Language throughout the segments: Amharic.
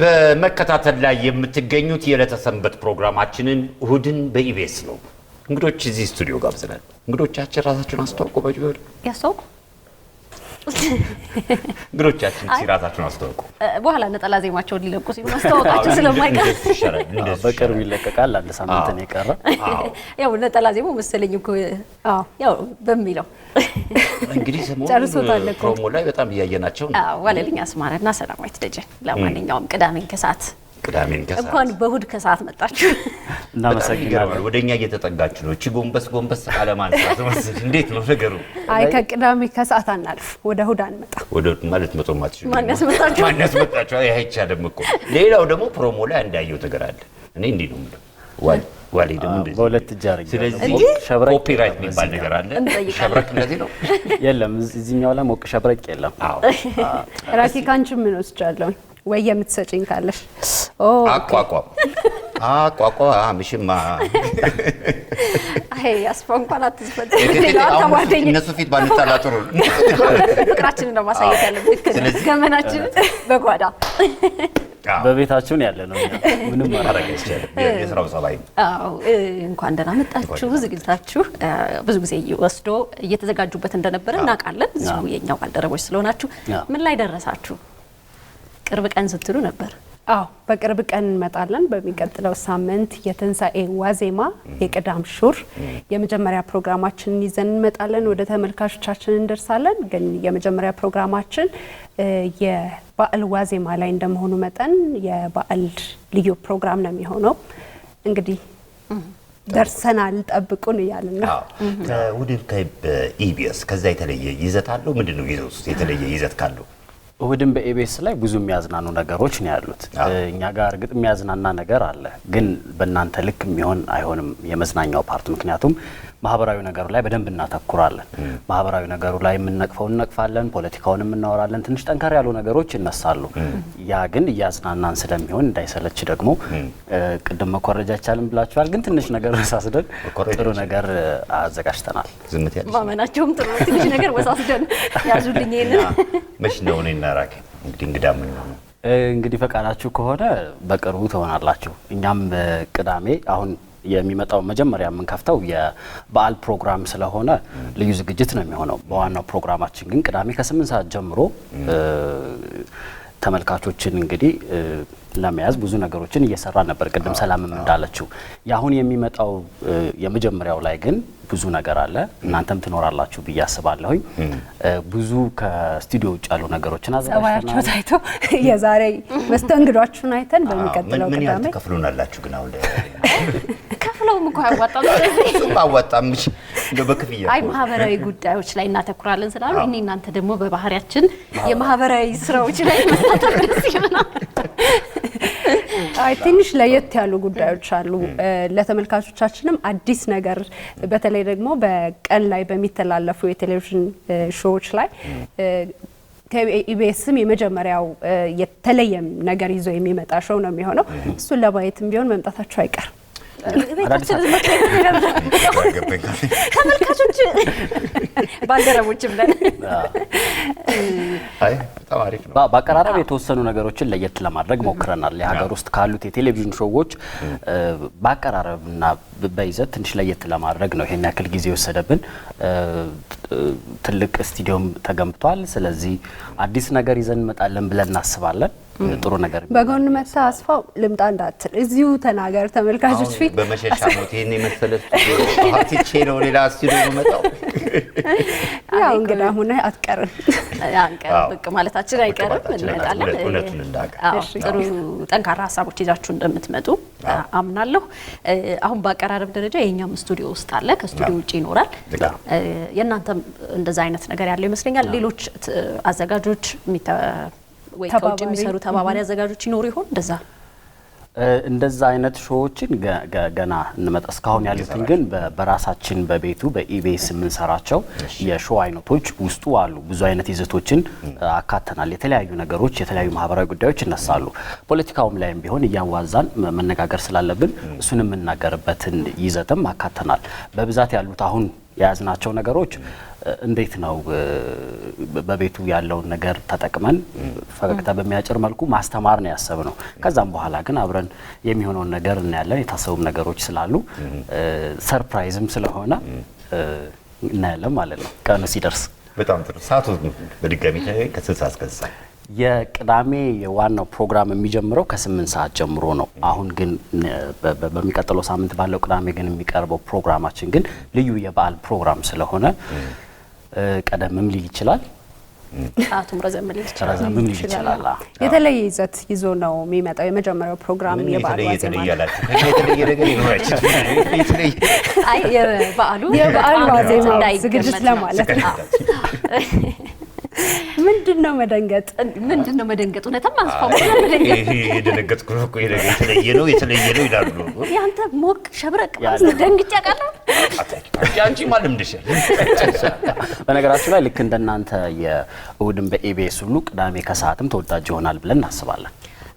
በመከታተል ላይ የምትገኙት የዕለተ ሰንበት ፕሮግራማችንን እሁድን በኢቤስ ነው። እንግዶች እዚህ ስቱዲዮ ጋብዘናል። እንግዶቻችን ራሳችሁን አስተዋውቁ። በጅበር ያስተዋውቁ እንግዶቻችን ሲራሳችሁን አስተዋውቁ። በኋላ ነጠላ ዜማቸውን ሊለቁ ሲሉ ማስተዋወቃቸው ስለማይቀር በቅርብ ይለቀቃል። አንድ ሳምንት ነው የቀረ። ያው ነጠላ ዜማው መሰለኝ እኮ ያው በሚለው እንግዲህ ሰሞኑን ፕሮሞ ላይ በጣም እያየናቸው ዋለልኝ አስማረና ሰላማዊት ደጀን። ለማንኛውም ቅዳሜን ከሰዓት ቅዳሜን ከሰዓት እንኳን በእሑድ ከሰዓት መጣችሁ። እናመሰግናለን። ወደ እኛ እየተጠጋችሁ ነው። እቺ ጎንበስ ጎንበስ አለማንሳት መስል እንዴት ነው ነገሩ? አይ ከቅዳሜ ከሰዓት አናልፍ፣ ወደ እሑድ አንመጣ። ወደ እሑድ ማለት መቶ ማትችሉ ማን ያስመጣችሁ? ማን ያስመጣችሁ? አይ እኮ። ሌላው ደግሞ ፕሮሞ ላይ እንዳየው ነገር አለ። እኔ እንዲህ ነው ምለ ዋሌ ደግሞ እንደዚህ በሁለት እጅ አድርጌ። ስለዚህ ኮፒራይት የሚባል ነገር አለ። ሸብረቅ እንደዚህ ነው። የለም እዚህኛው ላይ ሞቅ ሸብረቅ የለም። ራኪ ካንቺ ምን ወስጃለሁ ወይ የምትሰጭኝ ካለሽ አቋቋም አቋቋም አምሽማ አይ አስፋ እንኳን ያለ ነው። ምንም ማድረግ የስራው እንኳን ደህና መጣችሁ። ዝግጅታችሁ ብዙ ጊዜ ወስዶ እየተዘጋጁበት እንደነበረ እናውቃለን። እዚሁ የእኛው ባልደረቦች ስለሆናችሁ ምን ላይ ደረሳችሁ? ቅርብ ቀን ስትሉ ነበር አዎ በቅርብ ቀን እንመጣለን። በሚቀጥለው ሳምንት የትንሣኤ ዋዜማ የቅዳም ሹር የመጀመሪያ ፕሮግራማችንን ይዘን እንመጣለን። ወደ ተመልካቾቻችን እንደርሳለን። ግን የመጀመሪያ ፕሮግራማችን የበዓል ዋዜማ ላይ እንደመሆኑ መጠን የበዓል ልዩ ፕሮግራም ነው የሚሆነው። እንግዲህ ደርሰናል፣ ጠብቁን እያልን ነው። ከውድብ ከኢቢኤስ ከዛ የተለየ ይዘት አለው? ምንድን ነው ይዘት የተለየ ይዘት ካለው እሁድም በኤቤስ ላይ ብዙ የሚያዝናኑ ነገሮች ነው ያሉት። እኛ ጋር እርግጥ የሚያዝናና ነገር አለ፣ ግን በእናንተ ልክ የሚሆን አይሆንም የመዝናኛው ፓርት ምክንያቱም ማህበራዊ ነገሩ ላይ በደንብ እናተኩራለን። ማህበራዊ ነገሩ ላይ የምንነቅፈው እንነቅፋለን፣ ፖለቲካውን እናወራለን ትንሽ ጠንከር ያሉ ነገሮች ይነሳሉ። ያ ግን እያጽናናን ስለሚሆን እንዳይሰለች ደግሞ ቅድም መኮረጃ ይቻልን ብላችኋል፣ ግን ትንሽ ነገር ወሳስደን ጥሩ ነገር አዘጋጅተናል። ማመናቸውም ጥሩ ትንሽ ነገር ወሳስደን ያዙልኝ። መች ነው እኔ እናራክ እንግዲህ እንግዳ ምን ነው እንግዲህ ፈቃዳችሁ ከሆነ በቅርቡ ትሆናላችሁ። እኛም ቅዳሜ አሁን የሚመጣው መጀመሪያ የምንከፍተው የበዓል ፕሮግራም ስለሆነ ልዩ ዝግጅት ነው የሚሆነው። በዋናው ፕሮግራማችን ግን ቅዳሜ ከስምንት ሰዓት ጀምሮ ተመልካቾችን እንግዲህ ለመያዝ ብዙ ነገሮችን እየሰራ ነበር። ቅድም ሰላምም እንዳለችው የአሁን የሚመጣው የመጀመሪያው ላይ ግን ብዙ ነገር አለ። እናንተም ትኖራላችሁ ብዬ አስባለሁኝ። ብዙ ከስቱዲዮ ውጭ ያሉ ነገሮችን አዘጋጅተናል። ታይቶ የዛሬ መስተንግዷችሁን አይተን በሚቀጥለው ምን ያህል ተከፍሎናላችሁ? ግን አሁን ከፍለውም እኮ አያዋጣም፣ አያዋጣም። በክፍያ አይ ማህበራዊ ጉዳዮች ላይ እናተኩራለን ስላሉ እኔ እናንተ ደግሞ በባህሪያችን የማህበራዊ ስራዎች ላይ መሳተፍ ደስ ይሆናል። አይ ትንሽ ለየት ያሉ ጉዳዮች አሉ። ለተመልካቾቻችንም አዲስ ነገር በተለይ ደግሞ በቀን ላይ በሚተላለፉ የቴሌቪዥን ሾዎች ላይ ከኢቢኤስም የመጀመሪያው የተለየም ነገር ይዞ የሚመጣ ሾው ነው የሚሆነው። እሱን ለማየትም ቢሆን መምጣታቸው አይቀርም። ተመልካቾች ባልደረቦችም ነን። በአቀራረብ የተወሰኑ ነገሮችን ለየት ለማድረግ ሞክረናል። የሀገር ውስጥ ካሉት የቴሌቪዥን ሾዎች በአቀራረብና በይዘት ትንሽ ለየት ለማድረግ ነው ይሄን ያክል ጊዜ የወሰደብን። ትልቅ ስቱዲዮም ተገንብቷል። ስለዚህ አዲስ ነገር ይዘን እንመጣለን ብለን እናስባለን። ጥሩ ነገር በጎን መታ አስፋው ልምጣ እንዳትል እዚሁ ተናገር። ተመልካቾች ፊት በመሸሻ ሞት ይህን የመሰለ ሀብቲቼ ነው ሌላ ስቱዲዮ መጣው። ያው እንግዳ ሆነ አትቀርም ብቅ ማለታችን አይቀርም እንመጣለን። ጥሩ ጠንካራ ሀሳቦች ይዛችሁ እንደምትመጡ አምናለሁ። አሁን በአቀራረብ ደረጃ የእኛም ስቱዲዮ ውስጥ አለ፣ ከስቱዲዮ ውጭ ይኖራል። የእናንተም እንደዛ አይነት ነገር ያለው ይመስለኛል። ሌሎች አዘጋጆች ወይ ከውጭ የሚሰሩ ተባባሪ አዘጋጆች ይኖሩ ይሆን እንደዛ? እንደዛ አይነት ሾዎችን ገና እንመጣ። እስካሁን ያሉትን ግን በራሳችን በቤቱ በኢቢኤስ የምንሰራቸው የሾ አይነቶች ውስጡ አሉ። ብዙ አይነት ይዘቶችን አካተናል። የተለያዩ ነገሮች፣ የተለያዩ ማህበራዊ ጉዳዮች ይነሳሉ። ፖለቲካውም ላይም ቢሆን እያዋዛን መነጋገር ስላለብን እሱን የምናገርበትን ይዘትም አካተናል። በብዛት ያሉት አሁን የያዝናቸው ነገሮች እንዴት ነው በቤቱ ያለውን ነገር ተጠቅመን ፈገግታ በሚያጭር መልኩ ማስተማር ነው ነው። ከዛም በኋላ ግን አብረን የሚሆነውን ነገር እናያለን። የታሰቡም ነገሮች ስላሉ ሰርፕራይዝም ስለሆነ እናያለን ማለት ነው ቀኑ ሲደርስ። በጣም ጥሩ። ሰዓቱ በድጋሚ ከስልሳ እስከ ስልሳ የቅዳሜ ዋናው ፕሮግራም የሚጀምረው ከስምንት ሰዓት ጀምሮ ነው። አሁን ግን በሚቀጥለው ሳምንት ባለው ቅዳሜ ግን የሚቀርበው ፕሮግራማችን ግን ልዩ የበዓል ፕሮግራም ስለሆነ ቀደምም ሊል ይችላል፣ ሰዓቱም ረዘም ሊል ይችላል። የተለየ ይዘት ይዞ ነው የሚመጣው። የመጀመሪያው ፕሮግራም የበዓሉ ዋዜማ ዝግጅት ለማለት ነው። ምንድን ነው መደንገጥ? ምንድን ነው መደንገጥ? እውነትም አስፋ የደነገጥኩ እኮ የተለየ ነው የተለየ ነው ይላሉ። ያንተ ሞቅ ሸብረቅ ደንግጬ አውቃለሁ። አንቺ ማለም እንደሻል። በነገራችሁ ላይ ልክ እንደናንተ የእሁድን በኢቢኤስ ሁሉ ቅዳሜ ከሰዓትም ተወዳጅ ይሆናል ብለን እናስባለን።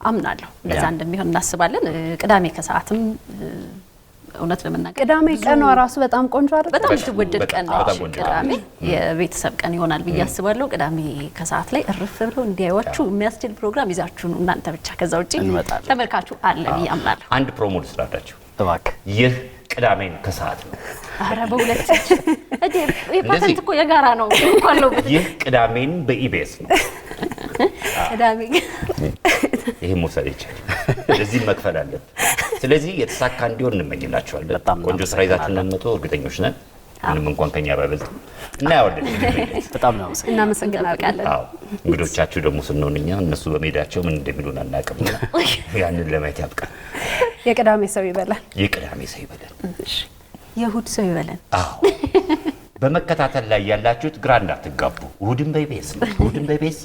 አምናለሁ እንደዛ እንደሚሆን እናስባለን። ቅዳሜ ከሰዓትም እውነት ለመናገር ቅዳሜ ቀኗ ራሱ በጣም ቆንጆ አይደል? በጣም የምትወደድ ቀን ነች ቅዳሜ። የቤተሰብ ቀን ይሆናል ብዬ አስባለሁ። ቅዳሜ ከሰዓት ላይ እርፍ ብለው እንዲያዩዋችሁ የሚያስችል ፕሮግራም ይዛችሁ ነው እናንተ ብቻ። ከዛ ውጭ ተመልካቹ አለ ብዬ አምናለሁ። አንድ ፕሮሞ ልስራዳችሁ እባክህ። ይህ ቅዳሜን ከሰዓት ነው። ኧረ በሁለት እዴ እኮ የጋራ ነው ይህ ቅዳሜን በኢቢኤስ ነው። ቅዳሜ ይሄ መውሰድ ይቻላል። እዚህ መክፈል አለብን ስለዚህ የተሳካ እንዲሆን እንመኝላቸዋለን። ቆንጆ ስራ ይዛችሁ እንደምትመጡ እርግጠኞች ነን። ምንም እንኳን ከኛ ባይበልጡ እና ያወደድ በጣም ነው እናመሰግናለን። አዎ እንግዶቻችሁ ደግሞ ስንሆን እኛ እነሱ በሜዳቸው ምን እንደሚሉን አናውቅምና ያንን ለማየት ያብቃል። የቅዳሜ ሰው ይበላል፣ የቅዳሜ ሰው ይበላል፣ የእሁድ ሰው ይበላል። አዎ በመከታተል ላይ ያላችሁት ግራ እንዳትጋቡ። እሁድን በኢቢኤስ ነው፣ እሁድን በኢቢኤስ